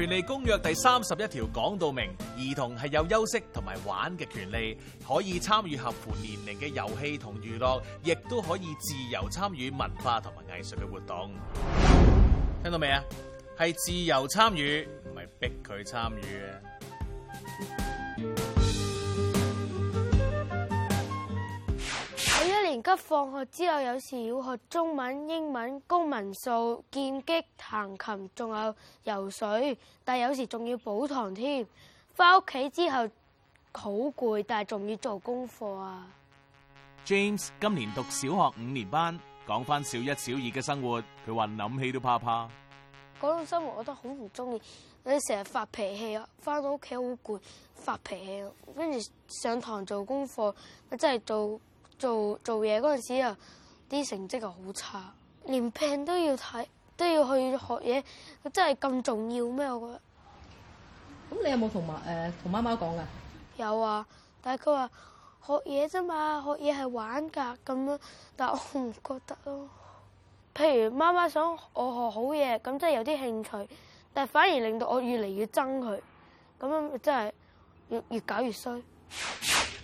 《權利公約》第三十一條講到明，兒童係有休息同埋玩嘅權利，可以參與合乎年齡嘅遊戲同娛樂，亦都可以自由參與文化同埋藝術嘅活動。聽到未啊？係自由參與，唔係逼佢參與嘅。而家放學之後有時要學中文、英文、公文、數、劍擊、彈琴，仲有游水，但有時仲要補堂添。翻屋企之後好攰，但係仲要做功課啊。James 今年讀小學五年班，講翻小一、小二嘅生活，佢話諗起都怕怕。嗰種生活我都好唔中意，我成日發脾氣啊，翻到屋企好攰，發脾氣，跟住上堂做功課，我真係做。做做嘢嗰陣時啊，啲成績又好差，連病都要睇，都要去學嘢，真係咁重要咩？我覺得。咁你有冇同媽誒同媽媽講噶？呃、媽媽有啊，但係佢話學嘢啫嘛，學嘢係玩噶咁樣。但係我唔覺得咯、啊。譬如媽媽想我學好嘢，咁真係有啲興趣，但係反而令到我越嚟越憎佢，咁樣真係越越搞越衰。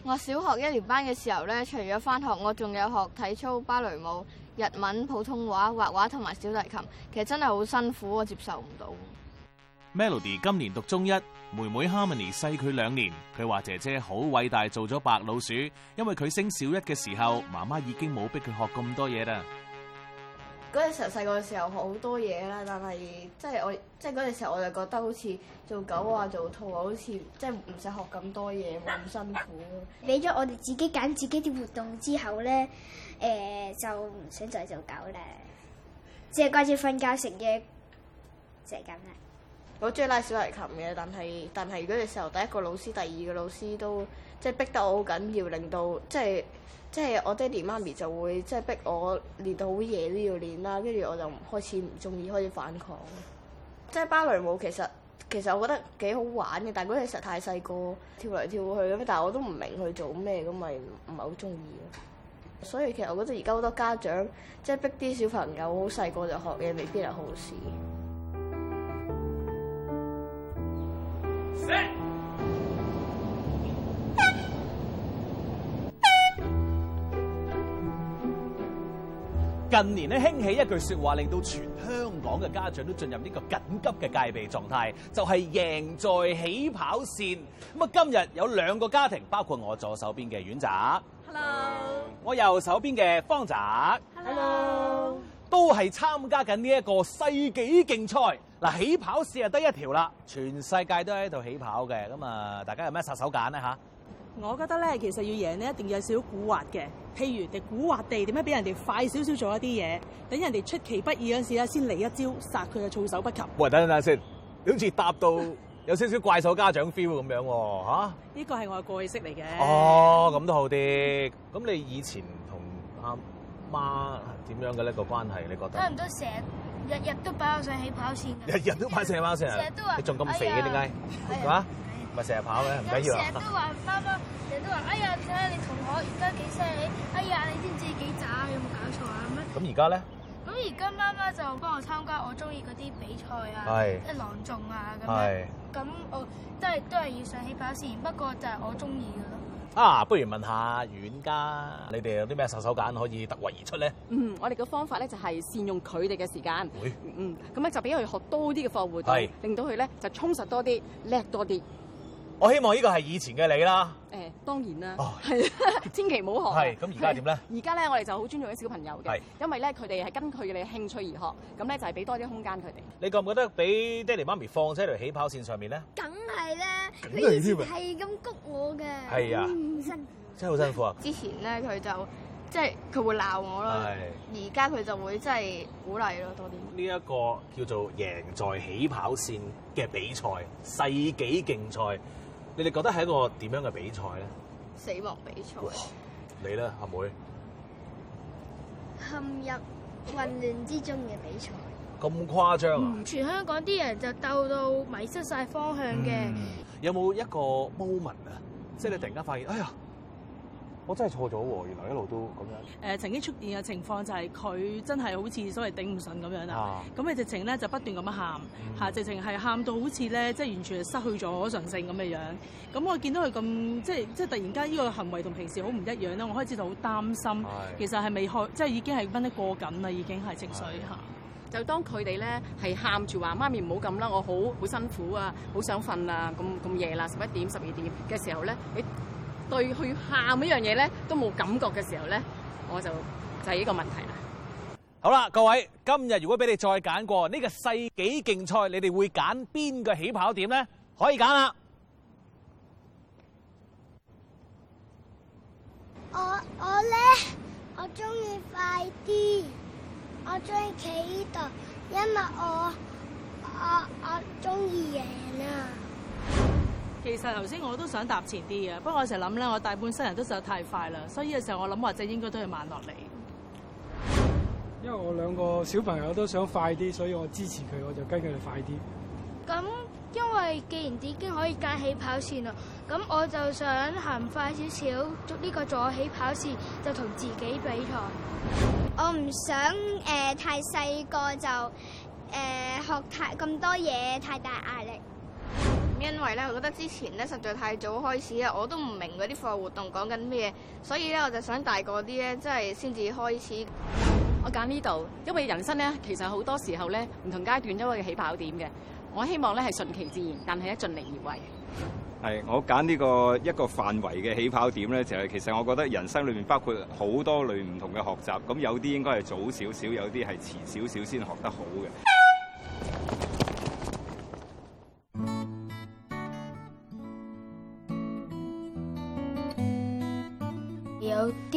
我小學一年班嘅時候咧，除咗返學，我仲有學體操、芭蕾舞、日文、普通話、畫畫同埋小提琴。其實真係好辛苦，我接受唔到。Melody 今年讀中一，妹妹 Harmony 細佢兩年。佢話姐姐好偉大，做咗白老鼠，因為佢升小一嘅時候，媽媽已經冇逼佢學咁多嘢啦。嗰陣時細個嘅時候學好多嘢啦，但係即係我即係嗰陣時候我就覺得好似做狗啊，做兔啊，好似即係唔使學咁多嘢，冇咁辛苦啊。俾咗我哋自己揀自己啲活動之後咧，誒、呃、就唔想再做狗啦，只係掛住瞓覺食嘢就係咁啦。我鍾意拉小提琴嘅，但係但係嗰陣時候第一個老師、第二個老師都即係、就是、逼得好緊要，要令到即係。就是即係我爹哋媽咪就會即係逼我練到好夜都要練啦，跟住我就開始唔中意，開始反抗。即係芭蕾舞其實其實我覺得幾好玩嘅，但嗰陣時實太細個，跳嚟跳去咁，但係我都唔明佢做咩，咁咪唔係好中意。所以其實我覺得而家好多家長即係逼啲小朋友好細個就學嘢，未必係好事。近年咧興起一句説話，令到全香港嘅家長都進入呢個緊急嘅戒備狀態，就係贏在起跑線。咁啊，今日有兩個家庭，包括我左手邊嘅婉澤，Hello，我右手邊嘅方澤，Hello，都係參加緊呢一個世紀競賽。嗱，起跑線啊，得一條啦，全世界都喺度起跑嘅。咁啊，大家有咩殺手鐧呢？吓！我覺得咧，其實要贏呢，一定有少少古惑嘅。譬如，你古惑地，點解俾人哋快少少做一啲嘢，等人哋出其不意嗰時咧，先嚟一招殺佢啊，措手不及。喂，等等等先，你好似搭到有少少怪獸家長 feel 咁樣，吓？呢個係我嘅過去式嚟嘅。哦，咁都好啲。咁你以前同阿媽點樣嘅呢個關係？你覺得？差唔多成日日日都擺我上起跑線，日日都擺成班成日，你仲咁肥嘅？點解？係嘛？咪成日跑嘅，唔緊要啊！成日都話媽媽，成日都話：哎呀，睇下你同學而家幾犀利！哎呀，你知唔知幾渣？有冇搞錯啊？咁而家咧？咁而家媽媽就幫我參加我中意嗰啲比賽啊，即係朗誦啊咁樣。咁是我是都係都係要上起跑線，不過就係我中意嘅咯。啊，不如問，問下遠家，你哋有啲咩殺手鐧可以突圍而出咧？嗯，我哋嘅方法咧就係善用佢哋嘅時間。唉嗯。咁咧就俾佢學多啲嘅課外活動，令到佢咧就充實多啲，叻多啲。我希望呢個係以前嘅你啦。誒、欸、當然啦，係千祈唔好學。係咁，而家點咧？而家咧，我哋就好尊重啲小朋友嘅，是因為咧佢哋係根據你嘅興趣而學。咁咧就係俾多啲空間佢哋。你覺唔覺得俾爹哋媽咪放咗喺條起跑線上面咧？梗係咧，你以前係咁谷我嘅。係啊，嗯、真真係好辛苦啊！之前咧佢就即係佢會鬧我啦。而家佢就會真係鼓勵咯多啲。呢一個叫做贏在起跑線嘅比賽，世紀競賽。你哋覺得係一個點樣嘅比賽咧？死亡比賽。你咧，阿妹？陷入混亂之中嘅比賽。咁誇張啊！嗯、全香港啲人就鬥到迷失晒方向嘅、嗯。有冇一個 moment 啊？嗯、即係你突然間發現，哎呀！我真係錯咗喎！原來一路都咁樣。誒、呃、曾經出現嘅情況就係、是、佢真係好似所謂頂唔順咁樣啦。啊！咁佢直情咧就不斷咁樣喊嚇，嗯、直情係喊到好似咧即係完全係失去咗神性咁嘅樣。咁、啊、我見到佢咁即係即係突然間呢個行為同平時好唔一樣啦，我開始就好擔心。啊、其實係未開，即係已經係温得過緊啦，已經係情緒嚇。是啊、就當佢哋咧係喊住話媽咪唔好咁啦，我好我好辛苦啊，好想瞓啦，咁咁夜啦，十一點十,十,十,十二點嘅時,時,時候咧，欸、呢你。對去喊呢樣嘢咧，都冇感覺嘅時候咧，我就就係、是、呢個問題啦。好啦，各位，今日如果俾你再揀過呢、這個世紀競賽，你哋會揀邊個起跑點咧？可以揀啦。我我咧，我中意快啲，我中意企依度，因為我我我中意贏啊。其實頭先我都想踏前啲嘅，不過我成日諗咧，我大半生人都走得太快啦，所以有時候我諗或者應該都係慢落嚟。因為我兩個小朋友都想快啲，所以我支持佢，我就跟佢哋快啲。咁因為既然已經可以隔起跑線啦，咁我就想行快少少，捉呢個左起跑線就同自己比賽。我唔想誒、呃、太細個就誒、呃、學太咁多嘢，太大壓力。因為咧，我覺得之前咧實在太早開始咧，我都唔明嗰啲課外活動講緊咩，所以咧我就想大個啲咧，即係先至開始。我揀呢度，因為人生咧其實好多時候咧唔同階段都有個起跑點嘅。我希望咧係順其自然，但係咧盡力而為。係，我揀呢個一個範圍嘅起跑點咧，就係其實我覺得人生裏面包括好多類唔同嘅學習，咁有啲應該係早少少，有啲係遲少少先學得好嘅。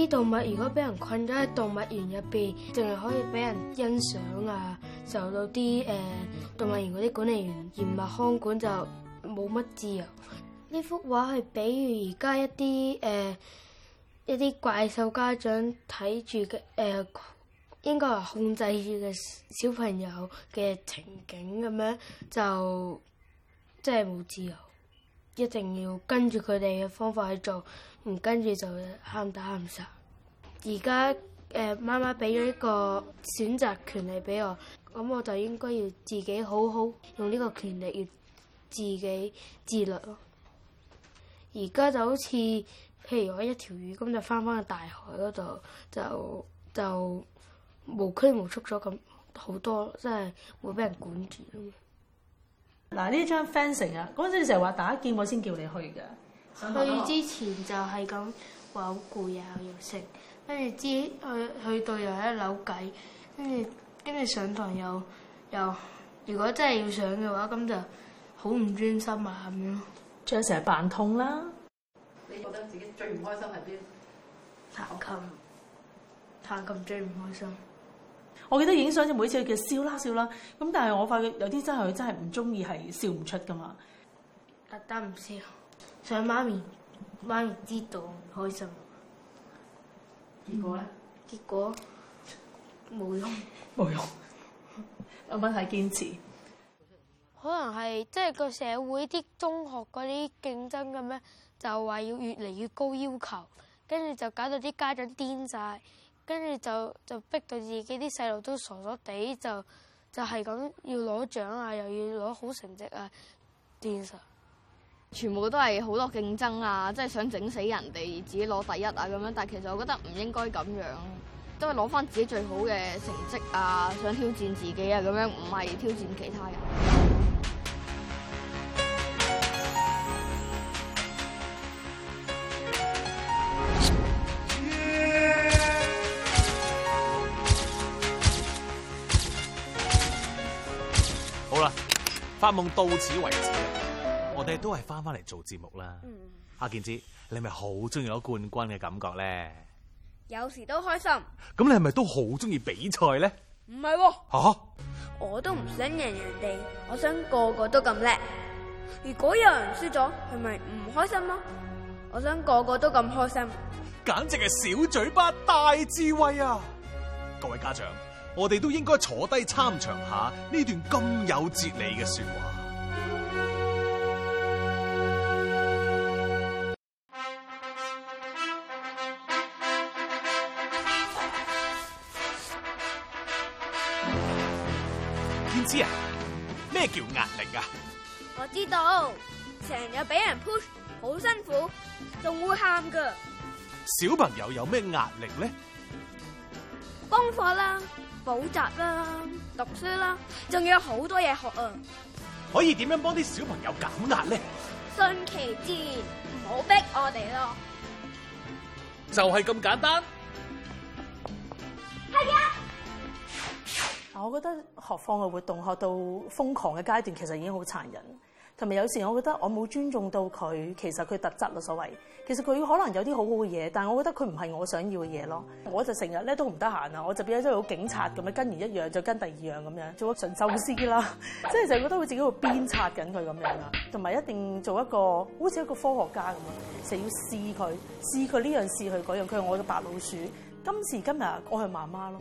動物如果俾人困咗喺動物園入邊，淨係可以俾人欣賞啊！受到啲誒、呃、動物園嗰啲管理員嚴密看管，就冇乜自由。呢幅畫係比喻而家一啲誒、呃、一啲怪獸家長睇住嘅誒，應該係控制住嘅小朋友嘅情景咁樣，就即係冇自由，一定要跟住佢哋嘅方法去做，唔跟住就喊打喊殺。而家誒媽媽俾咗一個選擇權利俾我，咁我就應該要自己好好用呢個權利，要自己自律咯。而家就好似譬如我一條魚，咁就翻返去大海嗰度，就就，就無拘無束咗咁，好多即係會俾人管住咯。嗱呢張 fencing 啊，嗰陣時成日話第一見我先叫你去㗎，去之前就係講話好攰啊，要食。跟住知去去到又喺度扭計，跟住跟住上堂又又如果真係要上嘅話，咁就好唔專心啊咁樣。仲有成日扮痛啦！你覺得自己最唔開心係邊？彈琴彈琴最唔開心。我記得影相就每次叫笑啦笑啦，咁但係我發覺有啲真係佢真係唔中意係笑唔出噶嘛。特登唔笑，想媽咪媽咪知道唔開心。結果咧？嗯、結果冇用，冇用。諗翻睇堅持，可能係即係個社會啲中學嗰啲競爭咁咧，就話要越嚟越高要求，跟住就搞到啲家長癲晒，跟住就就逼到自己啲細路都傻傻地，就就係、是、咁要攞獎啊，又要攞好成績啊，癲晒。全部都係好多競爭啊，即係想整死人哋，自己攞第一啊咁樣。但係其實我覺得唔應該咁樣，都係攞返自己最好嘅成績啊，想挑戰自己啊咁樣，唔係挑戰其他人。好啦，發夢到此為止。都係翻翻嚟做節目啦。阿、嗯啊、健子，你咪好中意攞冠軍嘅感覺咧？有時都開心。咁你係咪都好中意比賽咧？唔係喎。吓、啊？我都唔想贏人哋，我想個個都咁叻。如果有人輸咗，係咪唔開心咯？我想個個都咁開心。簡直係小嘴巴大智慧啊！各位家長，我哋都應該坐低參詳下呢段咁有哲理嘅說話。知啊？咩叫壓力啊？我知道，成日俾人 push，好辛苦，仲會喊㗎。小朋友有咩壓力咧？功課啦，補習啦，讀書啦，仲要有好多嘢學啊！可以點樣幫啲小朋友減壓咧？順其自然，唔好逼我哋咯。就係咁簡單。係啊。我覺得學放嘅活動學到瘋狂嘅階段，其實已經好殘忍。同埋有時我覺得我冇尊重到佢，其實佢特質咯所謂。其實佢可能有啲好好嘅嘢，但係我覺得佢唔係我想要嘅嘢咯。我就成日咧都唔得閒啊，我就變咗做警察咁樣跟完一樣，就跟第二樣咁樣，做一個馴獸師啦。即 係就覺得會自己會鞭策緊佢咁樣啦，同埋一定做一個好似一個科學家咁樣，成日要試佢，試佢呢樣試佢嗰樣，佢係我嘅白老鼠。今時今日我係媽媽咯。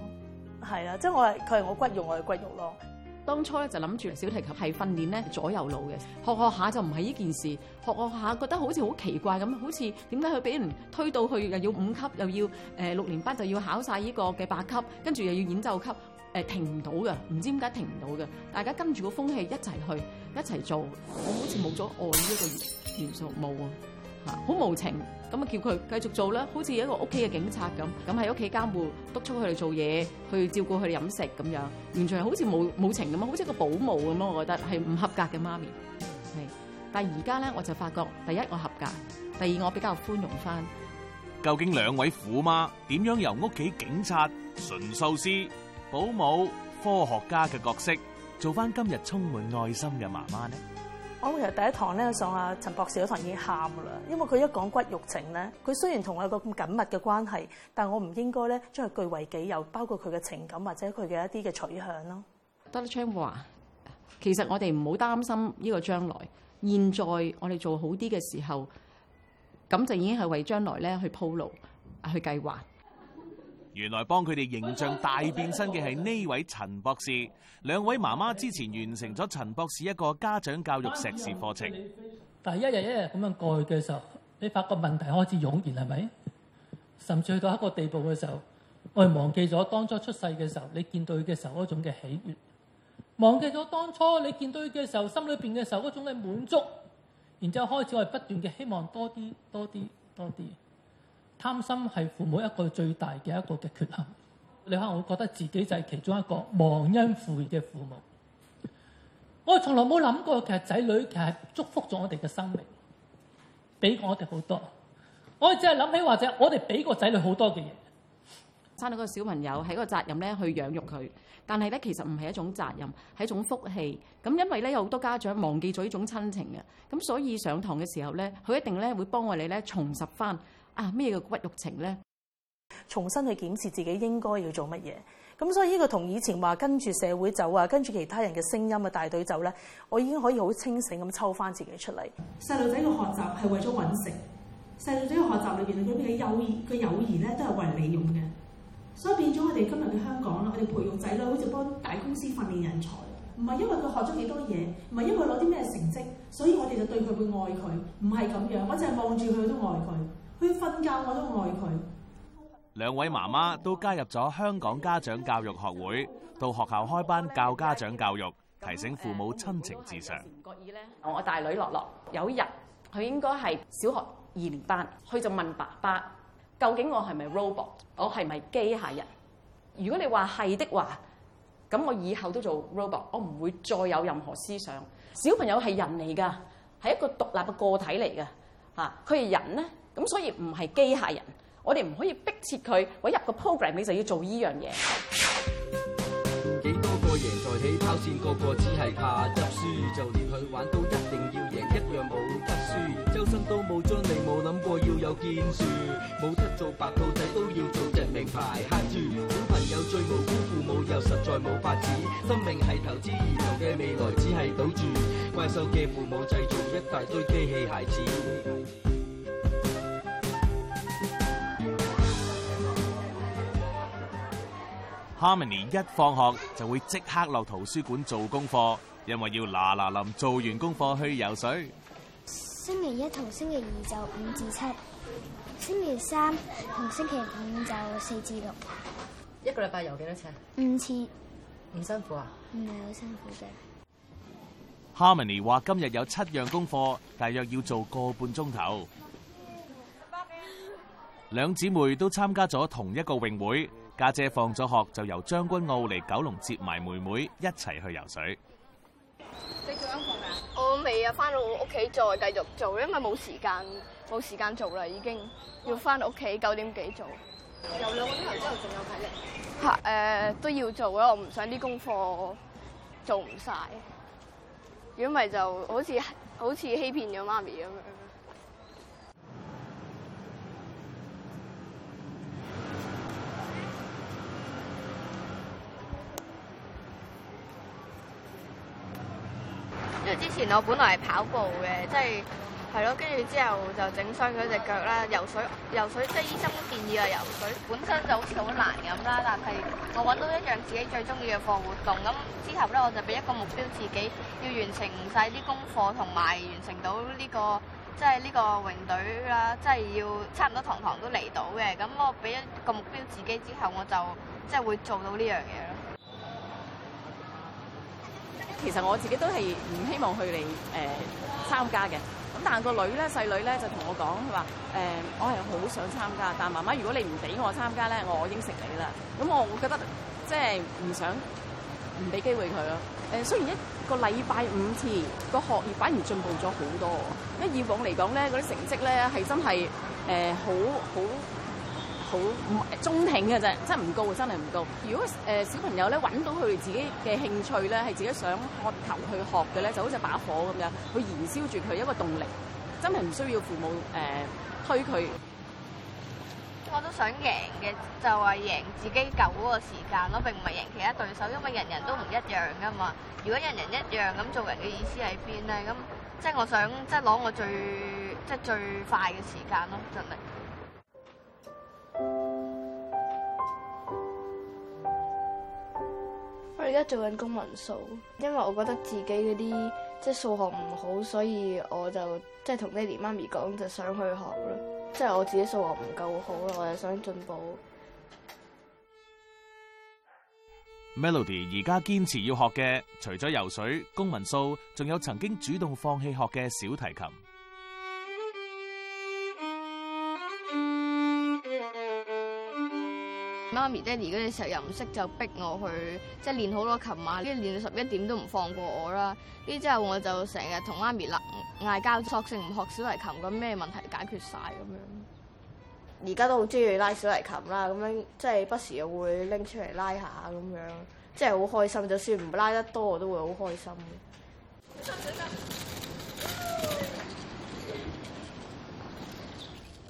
係啊，即係我係佢係我骨肉，我嘅骨肉咯。當初咧就諗住小提琴係訓練咧左右腦嘅，學學下就唔係呢件事，學學下覺得好似好奇怪咁，好似點解佢俾人推到去又要五級，又要誒六年班就要考晒呢個嘅八級，跟住又要演奏級誒、呃、停唔到嘅，唔知點解停唔到嘅。大家跟住個風氣一齊去一齊做，我好似冇咗愛呢一個元素冇啊。好無情，咁啊叫佢繼續做啦，好似一個屋企嘅警察咁，咁喺屋企監護，督促佢哋做嘢，去照顧佢哋飲食咁樣，完全係好似冇冇情咁啊，好似個保姆咁咯，我覺得係唔合格嘅媽咪，係。但係而家咧，我就發覺，第一我合格，第二我比較寬容翻。究竟兩位虎媽點樣由屋企警察、純壽司、保姆、科學家嘅角色，做翻今日充滿愛心嘅媽媽呢？我其實第一堂咧上阿、啊、陳博士嗰堂已經喊啦，因為佢一講骨肉情咧，佢雖然同我有個咁緊密嘅關係，但我唔應該咧將佢據為己有，包括佢嘅情感或者佢嘅一啲嘅取向咯。得昌華其實我哋唔好擔心呢個將來，現在我哋做好啲嘅時候，咁就已經係為將來咧去鋪路、去計劃。原來幫佢哋形象大變身嘅係呢位陳博士。兩位媽媽之前完成咗陳博士一個家長教育碩士課程。但係一日一日咁樣過去嘅時候，你發覺問題開始湧現，係咪？甚至去到一個地步嘅時候，我係忘記咗當初出世嘅時候，你見到佢嘅時候嗰種嘅喜悅，忘記咗當初你見到佢嘅時候心裏邊嘅時候嗰種嘅滿足，然之後開始我係不斷嘅希望多啲、多啲、多啲。貪心係父母一個最大嘅一個嘅缺陷。你可能會覺得自己就係其中一個忘恩負義嘅父母。我從來冇諗過，其實仔女其實祝福咗我哋嘅生命，俾我哋好多。我哋只係諗起或者我哋俾個仔女好多嘅嘢，生到個小朋友係一個責任咧去養育佢。但係咧，其實唔係一種責任，係一種福氣。咁因為咧有好多家長忘記咗呢種親情嘅，咁所以上堂嘅時候咧，佢一定咧會幫我哋咧重拾翻。啊！咩叫骨肉情咧？重新去檢視自己應該要做乜嘢咁，所以呢個同以前話跟住社會走啊，跟住其他人嘅聲音啊，大隊走咧，我已經可以好清醒咁抽翻自己出嚟。細路仔嘅學習係為咗揾食，細路仔嘅學習裏邊，佢啲嘅友嘅友誼咧，誼都係為人利用嘅，所以變咗我哋今日嘅香港啦，我哋培育仔女好似幫大公司訓練人才，唔係因為佢學咗幾多嘢，唔係因為攞啲咩成績，所以我哋就對佢會愛佢，唔係咁樣，我淨係望住佢都愛佢。佢瞓覺我都愛佢。兩位媽媽都加入咗香港家長教育學會，到學校開班教家長教育，提醒父母親情至上。誒，有時唔覺意咧。 我大女樂樂有一日，佢應該係小學二年班，佢就問爸爸：究竟我係咪 robot？我係咪機械人？如果你話係的話，咁我以後都做 robot，我唔會再有任何思想。小朋友係人嚟㗎，係一個獨立嘅個體嚟㗎。嚇，佢係人咧。咁所以唔係機械人，我哋唔可以逼切佢，我入個 program 你就要做呢樣嘢。幾多個贏在起跑線，個個只係怕執輸就連去玩都一定要贏，一樣冇得輸。周身都冇，冇諗過要有建樹，冇得做白兔仔都要做隻名牌。「小朋友最無辜，父母又實在冇法子。生命係投資，兒童嘅未來只係賭住，怪獸嘅父母，製造一大堆機器孩子。」Harmony 一放學就會即刻落圖書館做功課，因為要嗱嗱臨做完功課去游水。星期一同星期二就五至七，星期三同星期五就四至六。一個禮拜游幾多次啊？五次。唔辛苦啊？唔係好辛苦嘅。Harmony 話今日有七樣功課，大約要做個半鐘頭。兩姊妹都參加咗同一個泳會。家姐，姐放咗學，就由將軍澳嚟九龍接埋妹妹一齊去游水。你樣做功課啊？我未啊，翻到我屋企再繼續做，因為冇時間，冇時間做啦，已經要翻到屋企九點幾做。游兩個鐘頭之後仲有體力。吓、啊，誒都要做咯，我唔想啲功課做唔晒。如果唔係就好似好似欺騙咗媽咪咁樣。我本來係跑步嘅，即係係咯，跟住之後就整傷咗隻腳啦。游水，游水即係醫生都建議我游水，本身就好似好難咁啦。但係我搵到一樣自己最中意嘅課活動，咁之後咧我就俾一個目標自己，要完成晒啲功課，同埋完成到呢個即係呢個泳隊啦，即係要差唔多堂堂都嚟到嘅。咁我俾一個目標自己之後，我就即係會做到呢樣嘢咯。其實我自己都係唔希望去你誒、呃、參加嘅，咁但係個女咧，細女咧就同我講，佢話誒我係好想參加，但係媽媽如果你唔俾我參加咧，我應承你啦。咁、嗯、我會覺得即係唔想唔俾機會佢咯。誒、呃、雖然一個禮拜五次，個學業反而進步咗好多，因為以往嚟講咧，嗰啲成績咧係真係誒好好。呃好唔中挺嘅啫，真係唔高，真係唔高。如果誒、呃、小朋友咧揾到佢自己嘅興趣咧，係自己想渴求去學嘅咧，就好似把火咁樣去燃燒住佢一個動力，真係唔需要父母誒、呃、推佢。我都想贏嘅，就係、是、贏自己夠嗰個時間咯，並唔係贏其他對手，因為人人都唔一樣噶嘛。如果人人一樣，咁做人嘅意思喺邊咧？咁即係我想，即係攞我最即係最快嘅時間咯，真係。我而家做緊公文數，因為我覺得自己嗰啲即係數學唔好，所以我就即係同爹哋媽咪講，就想去學咯。即係我自己數學唔夠好，我又想進步。Melody 而家堅持要學嘅，除咗游水、公文數，仲有曾經主動放棄學嘅小提琴。媽咪、爹哋嗰陣時候又唔識，就逼我去即係練好多琴啊！跟住練到十一點都唔放過我啦。呢之後我就成日同媽咪鬧嗌交，索性唔學小提琴咁咩問題解決晒咁樣。而家都好中意拉小提琴啦，咁樣即係不時又會拎出嚟拉下咁樣，即係好開心。就算唔拉得多，我都會好開心。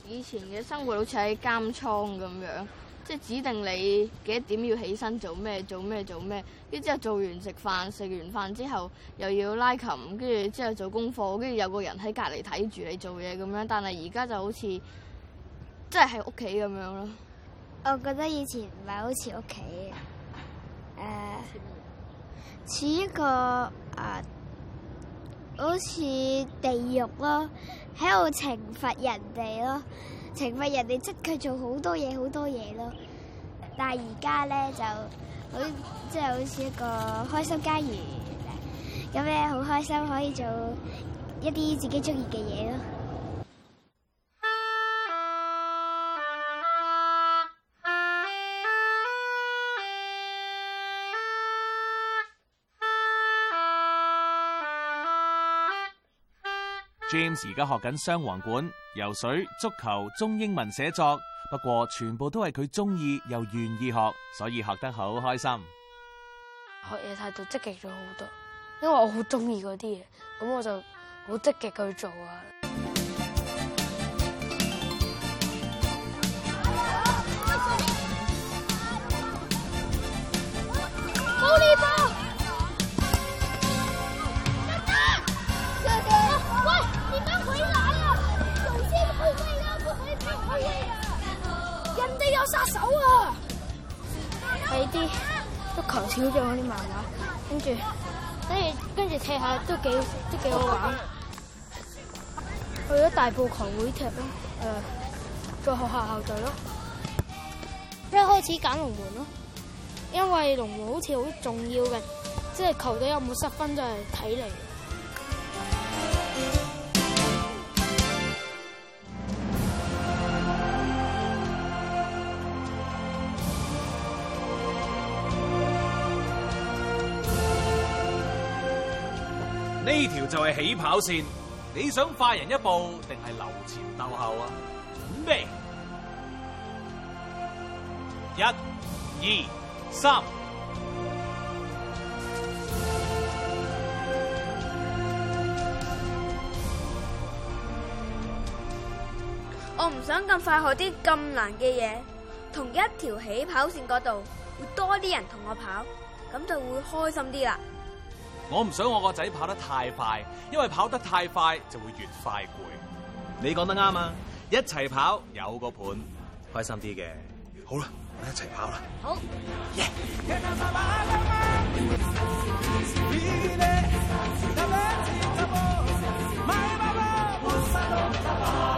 以前嘅生活好似喺監倉咁樣。即係指定你幾多點要起身做咩做咩做咩，跟住之後做完食飯，食完飯之後又要拉琴，跟住之後做功課，跟住有個人喺隔離睇住你做嘢咁樣。但係而家就好似即係喺屋企咁樣咯。我覺得以前唔係好似屋企嘅，似、 uh, 一個啊，uh, 好似地獄咯，喺度懲罰人哋咯。情物人哋即佢做好多嘢好多嘢咯，但係而家咧就好即係好似一個開心家園，咁咧好開心可以做一啲自己中意嘅嘢咯。James 而家學緊雙簧管、游水、足球、中英文寫作，不過全部都係佢中意又願意學，所以學得好開心。學嘢態度積極咗好多，因為我好中意嗰啲嘢，咁我就好積極去做啊。跟住跟住踢下都幾都幾好玩，去咗大埔球會踢咯，誒、呃，個學校校隊咯，一開始揀龍門咯，因為龍門好似好重要嘅，即係球隊有冇失分就係睇嚟。呢條就係起跑線，你想快人一步定係留前斗後啊？準備，一、二、三。我唔想咁快學啲咁難嘅嘢，同一條起跑線嗰度會多啲人同我跑，咁就會開心啲啦。我唔想我個仔跑得太快，因為跑得太快就會越快攰。你講得啱啊！一齊跑有個伴，開心啲嘅。好啦，我哋一齊跑啦！好。Yeah.